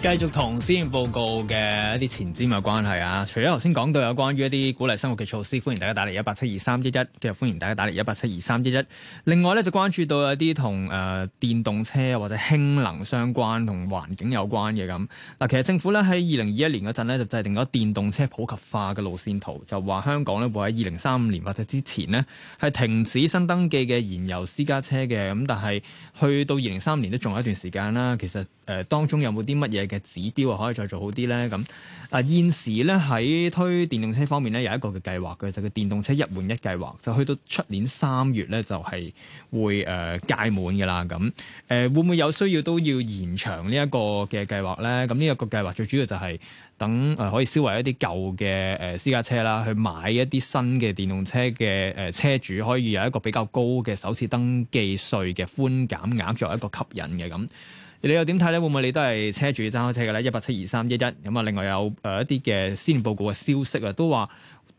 繼續同施政報告嘅一啲前瞻有關係啊！除咗頭先講到有關於一啲鼓勵生活嘅措施，歡迎大家打嚟一八七二三一一，繼續歡迎大家打嚟一八七二三一一。另外咧就關注到有啲同誒電動車或者氫能相關同環境有關嘅咁。嗱，其實政府咧喺二零二一年嗰陣咧就制定咗電動車普及化嘅路綫圖，就話香港咧會喺二零三五年或者之前呢，係停止新登記嘅燃油私家車嘅咁，但係去到二零三年都仲有一段時間啦。其實誒、呃、當中有冇啲乜嘢？嘅指標啊，可以再做好啲咧。咁啊，現時咧喺推電動車方面咧，有一個嘅計劃嘅，就叫、是「電動車一換一計劃」，就去到出年三月咧，就係、是、會誒屆、呃、滿嘅啦。咁誒、呃、會唔會有需要都要延長呢一個嘅計劃咧？咁呢一個計劃最主要就係等、呃、可以銷毀一啲舊嘅誒、呃、私家車啦，去買一啲新嘅電動車嘅誒、呃、車主，可以有一個比較高嘅首次登記稅嘅寬減額作為一個吸引嘅咁。你又點睇咧？會唔會你都係車主揸開車嘅咧？一八七二三一一咁啊！另外有一啲嘅施政報告嘅消息啊，都話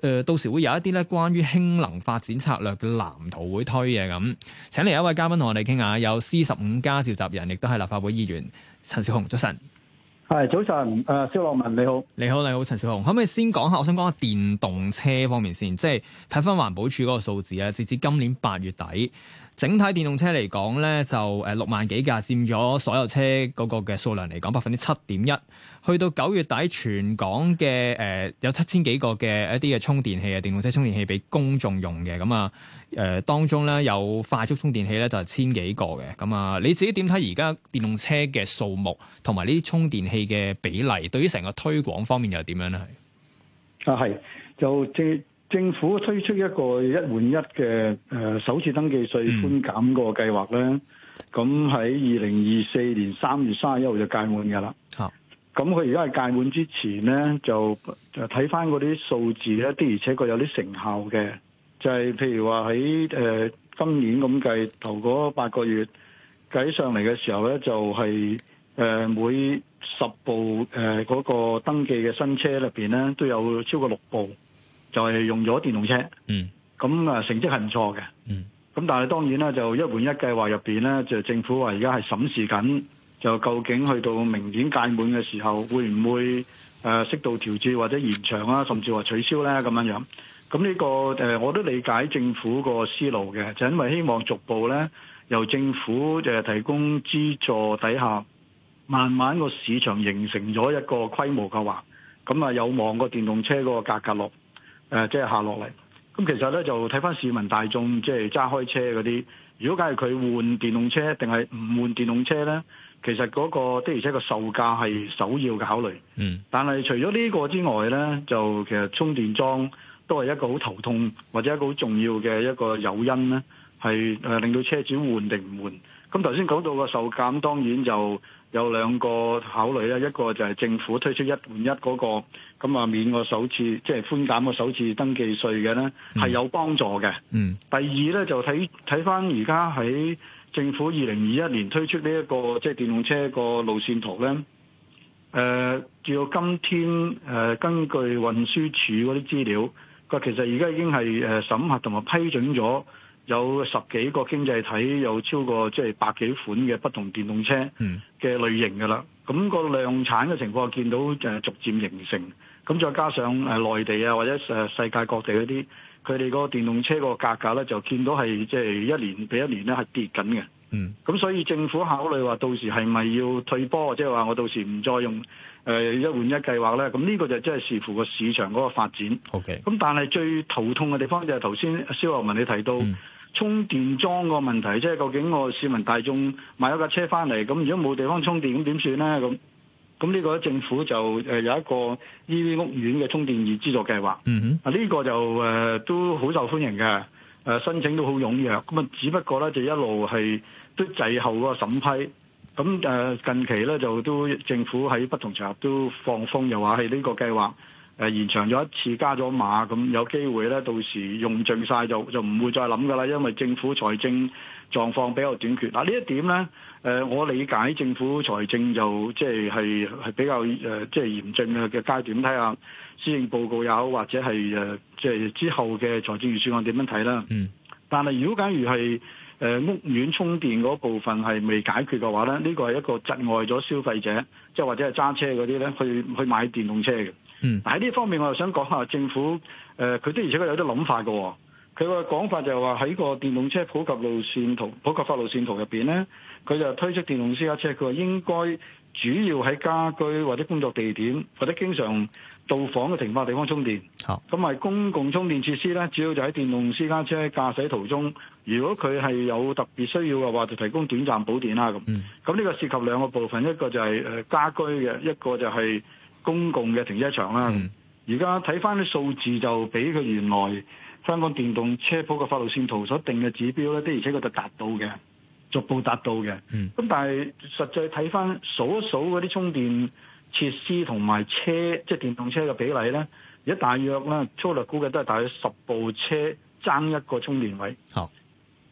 誒到時會有一啲咧關於氫能發展策略嘅藍圖會推嘅咁。請嚟一位嘉賓同我哋傾下，有 C15+ 召集人，亦都係立法會議員陳紹雄，早晨。係早晨，誒肖樂文你好，你好，你好你好，陳紹雄可唔可以先講下？我想講下電動車方面先，即係睇翻環保署嗰個數字啊！直至今年八月底。整體電動車嚟講咧，就誒六萬幾架佔咗所有車嗰個嘅數量嚟講，百分之七點一。去到九月底，全港嘅誒、呃、有七千幾個嘅一啲嘅充電器嘅電動車充電器俾公眾用嘅咁啊誒，當中咧有快速充電器咧就係千幾個嘅咁啊。你自己點睇而家電動車嘅數目同埋呢啲充電器嘅比例，對於成個推廣方面又點樣咧？係啊，係就即。政府推出一個一換一嘅誒首次登記稅寬減個計劃咧，咁喺二零二四年三月三十一號就屆滿噶啦。咁佢而家係屆滿之前咧，就睇翻嗰啲數字咧，的而且確有啲成效嘅。就係、是、譬如話喺誒今年咁計頭嗰八個月計上嚟嘅時候咧，就係、是、誒每十部誒嗰個登記嘅新車入邊咧，都有超過六部。就係用咗電動車，咁啊、嗯、成績係唔錯嘅。咁、嗯、但係當然啦，就一換一計劃入邊咧，就政府話而家係審視緊，就究竟去到明年屆滿嘅時候，會唔會誒呃、適度調節或者延長啊，甚至話取消咧咁樣樣。咁呢、呢個誒我都理解政府個思路嘅，就係、因為希望逐步咧由政府誒提供資助底下，慢慢個市場形成咗一個規模嘅話，咁啊有望個電動車嗰個價格落。誒即係下落嚟，咁其實咧就睇翻市民大眾，即係揸開車嗰啲，如果假如佢換電動車定係唔換電動車咧，其實嗰、嗰個的而且個售價係首要嘅考慮。嗯，但係除咗呢個之外咧，就其實充電樁。都係一個好頭痛，或者一個好重要嘅一個誘因呢，係誒令到車主換定唔換。咁頭先講到個受減，當然就有兩個考慮啦。一個就係政府推出一換一嗰個，咁啊免個首次，即係寬減個首次登記稅嘅呢係有幫助嘅。嗯。第二呢，就睇睇翻而家喺政府二零二一年推出呢一個即係電動車個路線圖呢，誒，至到今天誒根據運輸署嗰啲資料。佢其實而家已經係誒審核同埋批准咗有十幾個經濟體有超過即係百幾款嘅不同電動車嘅類型㗎啦。咁個量產嘅情況見到就係逐漸形成。咁再加上誒內地啊或者誒世界各地嗰啲，佢哋個電動車個價格咧就見到係即係一年比一年咧係跌緊嘅。嗯，咁所以政府考慮話到時係咪要退波，即係話我到時唔再用誒、呃、一換一計劃咧？咁呢個就即係視乎個市場嗰個發展。O K，咁但係最頭痛嘅地方就係頭先蕭學文你提到、嗯、充電樁個問題，即、就、係、是、究竟我市民大眾買咗一架車翻嚟，咁如果冇地方充電，咁點算咧？咁咁呢個政府就誒有一個 EV 屋苑嘅充電易資助計劃。嗯哼，啊呢、這個就誒、呃、都好受歡迎嘅。誒申請都好踴躍，咁啊，只不過咧就一路係都滯後個審批，咁誒近期咧就都政府喺不同場合都放風，又話係呢個計劃誒延長咗一次，加咗碼，咁有機會咧到時用盡晒就就唔會再諗噶啦，因為政府財政狀況比較短缺。嗱呢一點咧，誒我理解政府財政就即係係係比較誒即係嚴峻嘅階段，睇下。施政報告有，或者係誒，即係之後嘅財政預算案點樣睇啦？嗯。但係如果假如係誒屋苑充電嗰部分係未解決嘅話咧，呢個係一個窒礙咗消費者，即係或者係揸車嗰啲咧去去買電動車嘅。嗯。喺呢方面，我又想講下政府誒，佢、呃、的而且確有啲諗法喎。佢個講法就係話喺個電動車普及路線圖普及法路線圖入面咧，佢就推出電動私家車，佢話應該主要喺家居或者工作地點或者經常。到房嘅停泊地方充電，咁咪公共充電設施咧？主要就喺電動私家車駕駛途中，如果佢係有特別需要嘅話，就提供短暫補電啦。咁、嗯，咁呢個涉及兩個部分，一個就係家居嘅，一個就係公共嘅停車場啦。而家睇翻啲數字就比佢原來香港電動車普及化路線圖所定嘅指標咧，的而且確就達到嘅，逐步達到嘅。咁、嗯、但係實際睇翻數一數嗰啲充電。設施同埋車即係電動車嘅比例呢，而家大約呢，粗略估計都係大約十部車爭一個充電位。好，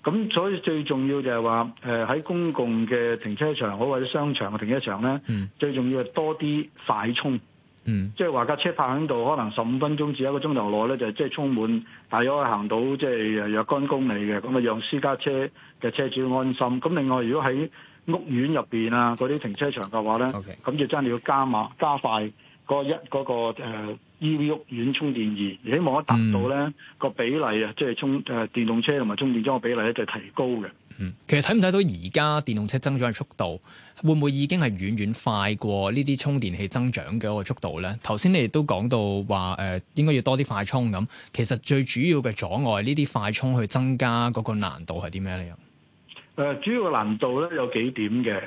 咁所以最重要就係話喺公共嘅停車場，好或者商場嘅停車場呢，mm. 最重要係多啲快充。Mm. 即係話架車泊喺度，可能十五分鐘至一個鐘頭內呢，就即、是、係充滿大約可以行到即係若干公里嘅。咁啊，讓私家車嘅車主安心。咁另外，如果喺屋苑入邊啊，嗰啲停車場嘅話咧，咁就真係要加碼加快嗰一嗰個誒，EV 屋苑充電器，希望達到咧個比例啊，即係充誒電動車同埋充電樁嘅比例咧，就提高嘅。嗯，其實睇唔睇到而家電動車增長嘅速度，會唔會已經係遠遠快過呢啲充電器增長嘅一個速度咧？頭先你亦都講到話，誒，應該要多啲快充咁。其實最主要嘅阻礙呢啲快充去增加嗰個難度係啲咩咧？誒主要嘅難度咧有幾點嘅，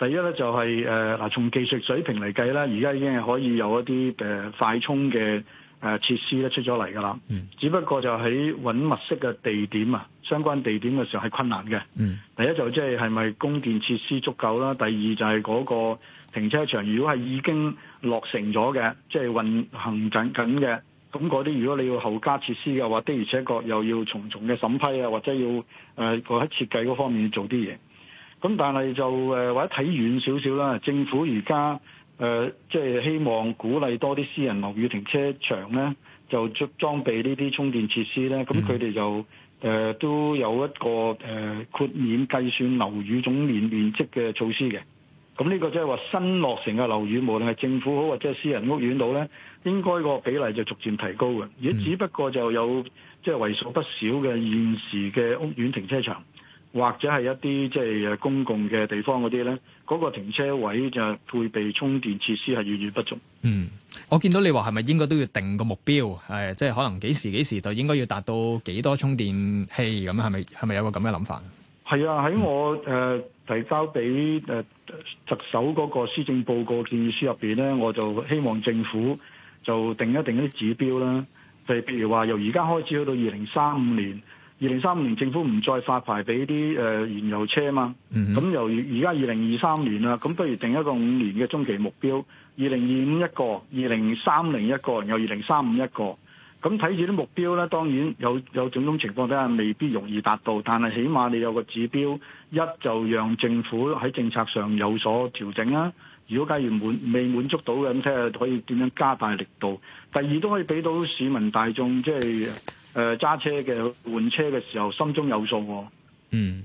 第一咧就係誒嗱，從技術水平嚟計咧，而家已經係可以有一啲誒快充嘅誒設施咧出咗嚟㗎喇。嗯，mm. 只不過就喺搵物色嘅地點啊，相關地點嘅時候係困難嘅。嗯，mm. 第一就即係係咪供電設施足夠啦？第二就係嗰個停車場，如果係已經落成咗嘅，即係運行緊緊嘅。咁嗰啲如果你要後加設施嘅話，的而且確又要重重嘅審批啊，或者要誒個喺設計嗰方面做啲嘢。咁但係就誒或者睇遠少少啦，政府而家誒即係希望鼓勵多啲私人樓宇停車場咧，就裝備呢啲充電設施咧。咁佢哋就誒、呃、都有一個誒豁、呃、免計算樓宇總面面積嘅措施嘅。咁呢個即係話新落成嘅樓宇，無論係政府好或者私人屋苑度咧，應該個比例就逐漸提高嘅。也只不過就有即係為數不少嘅現時嘅屋苑停車場，或者係一啲即係公共嘅地方嗰啲咧，嗰、嗰個停車位就配備充電設施係遠遠不足。嗯，我見到你話係咪應該都要定個目標，係即係可能幾時幾時就應該要達到幾多充電器咁？係咪係咪有個咁嘅諗法？係啊，喺我誒、呃、提交俾誒、呃、特首嗰個施政報告建議書入面咧，我就希望政府就定一定啲指標啦。就譬如話，由而家開始去到二零三五年，二零三五年政府唔再發牌俾啲誒燃油車嘛。咁、mm hmm. 由而家二零二三年啦，咁不如定一個五年嘅中期目標，二零二五一個，二零三零一個，又二零三五一個。咁睇住啲目標咧，當然有有種種情況底下未必容易達到，但係起碼你有個指標，一就讓政府喺政策上有所調整啦。如果假如未滿足到嘅，咁睇下可以點樣加大力度。第二都可以俾到市民大眾即係誒揸車嘅換車嘅時候心中有數喎，哦。嗯。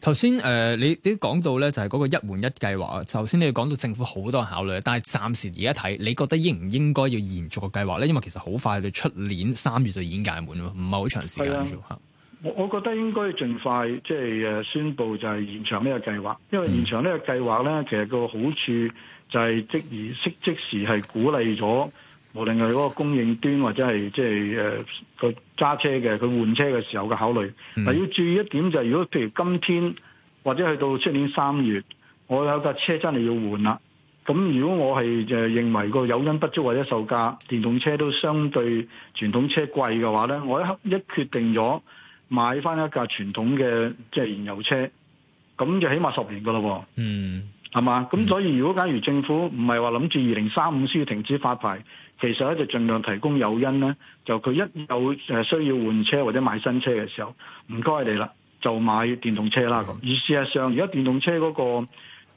頭先誒你你講到咧就係、是、嗰個一換一計劃啊，頭先你講到政府好多考慮，但係暫時而家睇，你覺得應唔應該要延續個計劃咧？因為其實好快你出年三月就已經屆滿咯，唔係好長時間，嚇，我我覺得應該盡快即係誒宣布就係延長呢個計劃，因為延長呢個計劃咧，嗯、其實個好處就係即而即時係鼓勵咗。無論係嗰個供應端或者係即係誒，佢、呃、揸車嘅佢換車嘅時候嘅考慮，嗯、但要注意一點就係、是、如果譬如今天或者去到出年三月，我有一架車真係要換啦。咁如果我係誒認為個誘因不足或者售價電動車都相對傳統車貴嘅話咧，我一刻一決定咗買翻一架傳統嘅即係燃油車，咁就起碼十年噶啦噃。嗯。係嘛？咁所以如果假如政府唔係話諗住二零三五先停止發牌，其實咧就盡量提供誘因咧，就佢一有誒需要換車或者買新車嘅時候，唔該你啦，就買電動車啦咁。而事實上，而家電動車嗰、那個誒、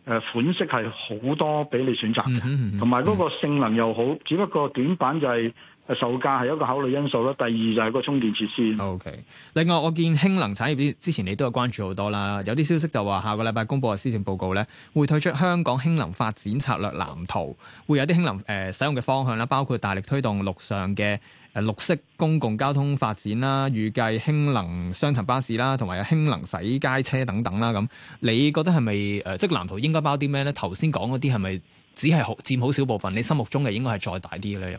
呃、款式係好多俾你選擇嘅，同埋嗰個性能又好，只不過短板就係、是。售價係一個考慮因素咯。第二就係個充電設施。O K。另外，我見氫能產業之前，你都有關注好多啦。有啲消息就話下個禮拜公布嘅施政報告咧，會推出香港氫能發展策略藍圖，會有啲氫能誒、呃、使用嘅方向啦，包括大力推動陸上嘅誒綠色公共交通發展啦，預計氫能雙層巴士啦，同埋有氫能洗街車等等啦。咁你覺得係咪誒即係藍圖應該包啲咩呢？頭先講嗰啲係咪只係好佔好少部分？你心目中嘅應該係再大啲嘅咧？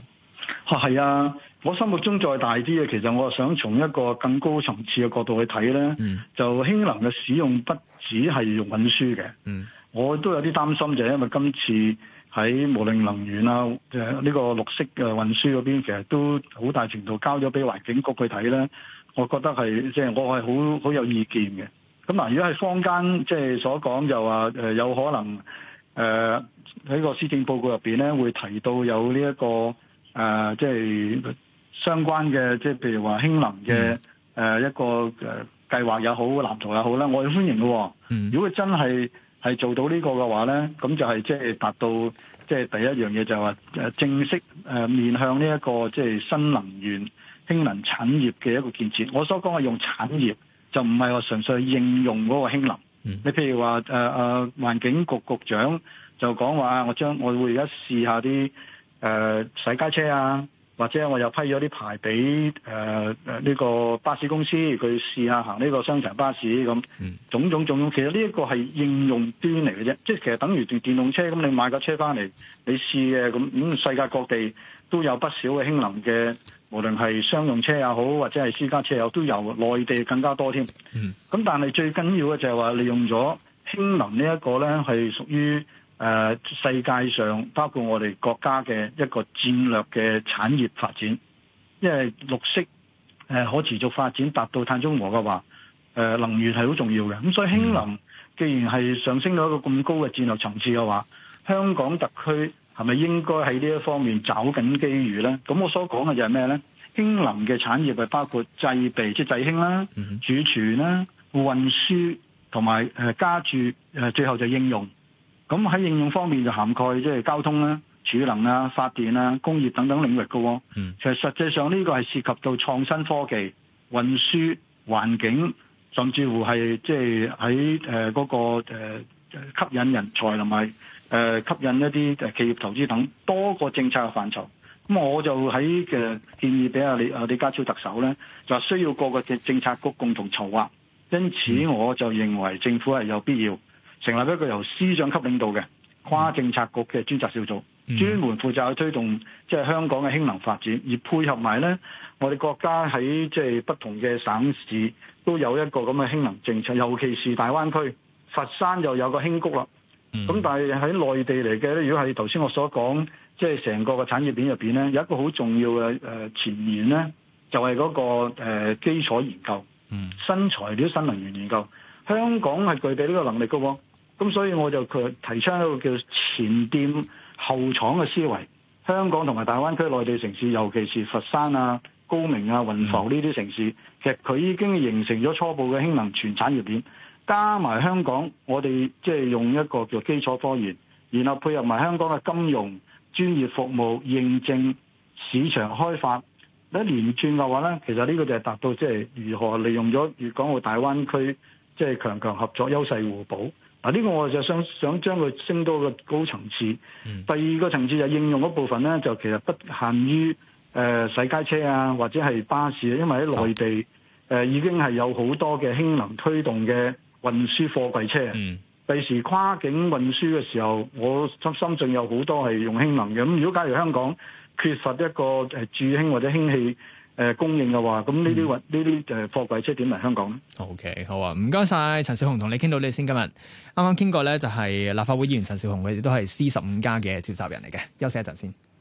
係啊，我心目中再大啲嘅，其實我想從一個更高層次嘅角度去睇呢，嗯、就氫能嘅使用不止係用運輸嘅。嗯、我都有啲擔心，就係因為今次喺無論能源啊，呢、嗯、個綠色嘅運輸嗰邊，其實都好大程度交咗俾環境局去睇呢。我覺得係即係我係好好有意見嘅。咁如果係坊間即係所講，就話、是、有可能誒喺、呃、個施政報告入邊呢，會提到有呢、這、一個。誒、呃，即係相關嘅，即係譬如話氫能嘅，誒、嗯呃、一個誒計劃也好、藍圖也好咧，我係歡迎嘅、哦。嗯、如果真係係做到呢個嘅話咧，咁就係、是、即係達到即係第一樣嘢就話、是、誒正式誒面、呃、向呢、這、一個即係新能源氫能產業嘅一個建設。我所講嘅用產業，就唔係話純粹應用嗰個氫能。嗯、你譬如話誒誒環境局局長就講話，我將我會而家試下啲。誒、呃、洗街車啊，或者我又批咗啲牌俾誒呢個巴士公司，佢試下行呢個商場巴士咁，種、嗯、種種種，其實呢一個係應用端嚟嘅啫，即係其實等於電動車咁，你買架車翻嚟，你試嘅咁，咁、嗯、世界各地都有不少嘅氫能嘅，無論係商用車也好，或者係私家車也好，都由內地更加多添。咁、嗯、但係最緊要嘅就係話利用咗氫能呢一個咧，係屬於。誒，世界上包括我哋國家嘅一個戰略嘅產業發展，因為綠色誒可持續發展達到碳中和嘅話，誒能源係好重要嘅。咁所以氫能既然係上升到一個咁高嘅戰略層次嘅話，香港特區係咪應該喺呢一方面找緊機遇咧？咁我所講嘅就係咩咧？氫能嘅產業嘅包括製備，即係製氫啦、儲存啦、運輸同埋誒加注，誒最後就應用。咁喺應用方面就涵蓋即係交通啦、儲能啊、發電啊、工業等等領域嘅喎。其實實際上呢個係涉及到創新科技、運輸、環境，甚至乎係即係喺誒嗰個誒吸引人才同埋誒吸引一啲誒企業投資等多個政策嘅範疇。咁我就喺嘅建議俾阿李阿李家超特首咧，就需要各個嘅政策局共同籌劃。因此我就認為政府係有必要，成立一個由司長級領導嘅跨政策局嘅專責小組，專門負責去推動即係香港嘅氫能發展，而配合埋呢，我哋國家喺即係不同嘅省市都有一個咁嘅氫能政策，尤其是大灣區，佛山又有一個氫谷啦。咁但係喺內地嚟嘅咧，如果係頭先我所講，即係成個嘅產業鏈入面呢，有一個好重要嘅前沿呢，就係、誒、嗰個基礎研究、新材料、新能源研究。香港係具備呢個能力㗎喎。咁所以我就佢提倡一個叫前店後廠嘅思維，香港同埋大灣區內地城市，尤其是佛山啊、高明啊、雲浮呢啲城市，其實佢已經形成咗初步嘅氫能全產業鏈。加埋香港，我哋即係用一個叫基礎科研，然後配合埋香港嘅金融、專業服務、認證市場開發，一連串嘅話咧，其實呢個就係達到即係如何利用咗粵港澳大灣區即係強強合作、優勢互補。嗱，呢個我就想想將佢升到個高層次。第二個層次就應用嗰部分咧，就其實不限於誒、呃、洗街車啊，或者係巴士，因為喺內地誒、呃、已經係有好多嘅氫能推動嘅運輸貨櫃車。第、嗯、時跨境運輸嘅時候，我深深圳有好多係用氫能嘅。咁如果假如香港缺乏一個誒駐氫或者氫氣誒供應嘅話，咁呢啲呢啲誒貨櫃車點嚟香港？OK，好啊，唔該晒。陳紹雄，同你傾到呢先今日。啱啱傾過咧，就係立法會議員陳紹雄，佢哋都係 C 十五加嘅召集人嚟嘅，休息一陣先。